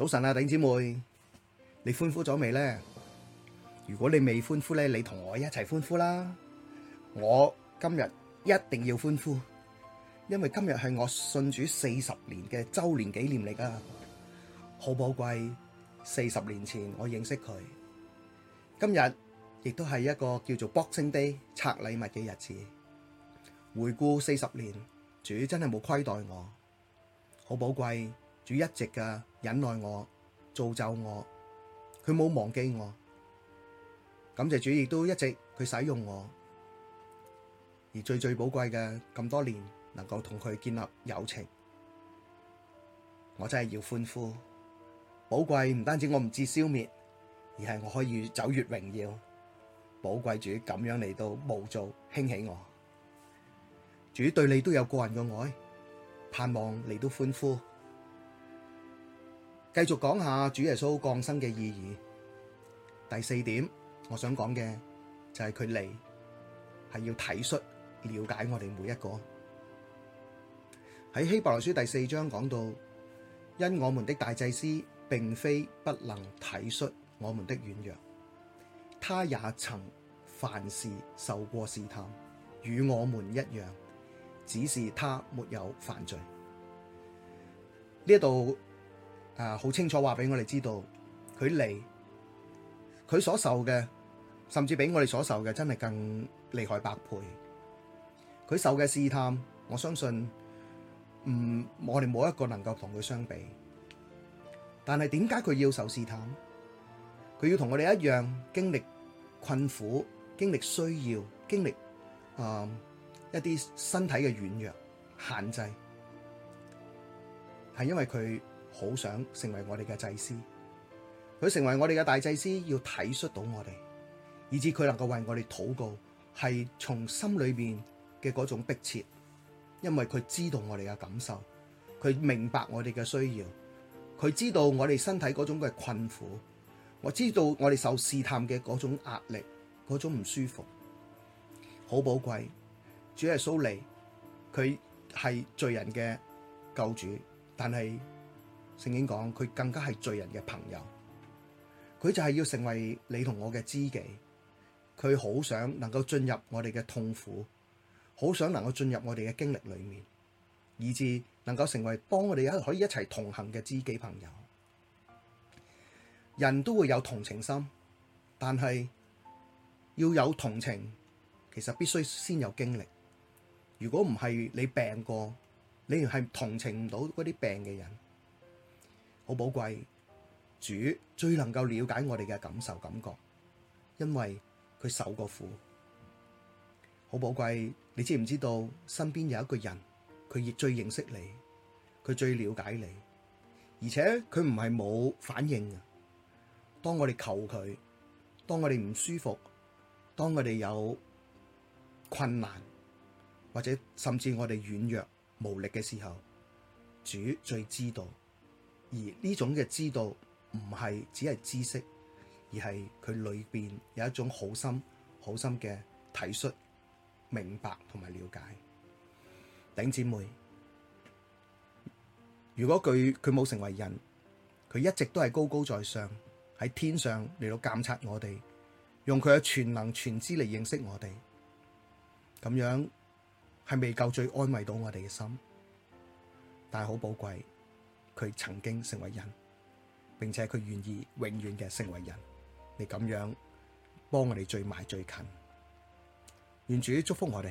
早晨啊，弟姊妹，你歡呼咗未呢？如果你未歡呼咧，你同我一齊歡呼啦！我今日一定要歡呼，因為今日係我信主四十年嘅周年紀念嚟噶，好寶貴。四十年前我認識佢，今日亦都係一個叫做 boxing day 拆禮物嘅日子，回顧四十年，主真係冇虧待我，好寶貴，主一直噶。忍耐我，造就我，佢冇忘記我。感謝主，亦都一直佢使用我。而最最寶貴嘅，咁多年能夠同佢建立友情，我真係要歡呼。寶貴唔單止我唔致消滅，而係我可以走越榮耀。寶貴主咁樣嚟到冒做興起我，主對你都有個人嘅愛，盼望你都歡呼。繼續講下主耶穌降生嘅意義。第四點，我想講嘅就係佢嚟係要體恤了解我哋每一個。喺希伯來書第四章講到，因我們的大祭司並非不能體恤我們的軟弱，他也曾凡事受過試探，與我們一樣，只是他沒有犯罪。呢度。啊，好清楚話俾我哋知道，佢嚟，佢所受嘅，甚至比我哋所受嘅真係更厲害百倍。佢受嘅試探，我相信，唔，我哋冇一個能夠同佢相比。但係點解佢要受試探？佢要同我哋一樣經歷困苦，經歷需要，經歷啊一啲身體嘅軟弱限制，係因為佢。好想成為我哋嘅祭司，佢成為我哋嘅大祭司，要體恤到我哋，以至佢能夠為我哋禱告，係從心裏邊嘅嗰種迫切，因為佢知道我哋嘅感受，佢明白我哋嘅需要，佢知道我哋身體嗰種嘅困苦，我知道我哋受試探嘅嗰種壓力，嗰種唔舒服，好寶貴。主耶穌嚟，佢係罪人嘅救主，但係。聖經講佢更加係罪人嘅朋友，佢就係要成為你同我嘅知己，佢好想能夠進入我哋嘅痛苦，好想能夠進入我哋嘅經歷裏面，以致能夠成為幫我哋一可以一齊同行嘅知己朋友。人都會有同情心，但係要有同情，其實必須先有經歷。如果唔係你病過，你係同情唔到嗰啲病嘅人。好寶貴，主最能夠了解我哋嘅感受、感覺，因為佢受過苦。好寶貴，你知唔知道？身邊有一個人，佢亦最認識你，佢最了解你，而且佢唔係冇反應嘅。當我哋求佢，當我哋唔舒服，當我哋有困難，或者甚至我哋軟弱無力嘅時候，主最知道。而呢種嘅知道唔係只係知識，而係佢裏邊有一種好深、好深嘅體恤、明白同埋了解。頂姊妹，如果佢佢冇成為人，佢一直都係高高在上喺天上嚟，到監察我哋，用佢嘅全能全知嚟認識我哋，咁樣係未夠最安慰到我哋嘅心，但係好寶貴。佢曾經成為人，並且佢願意永遠嘅成為人，你咁樣幫我哋最埋最近，願主祝福我哋。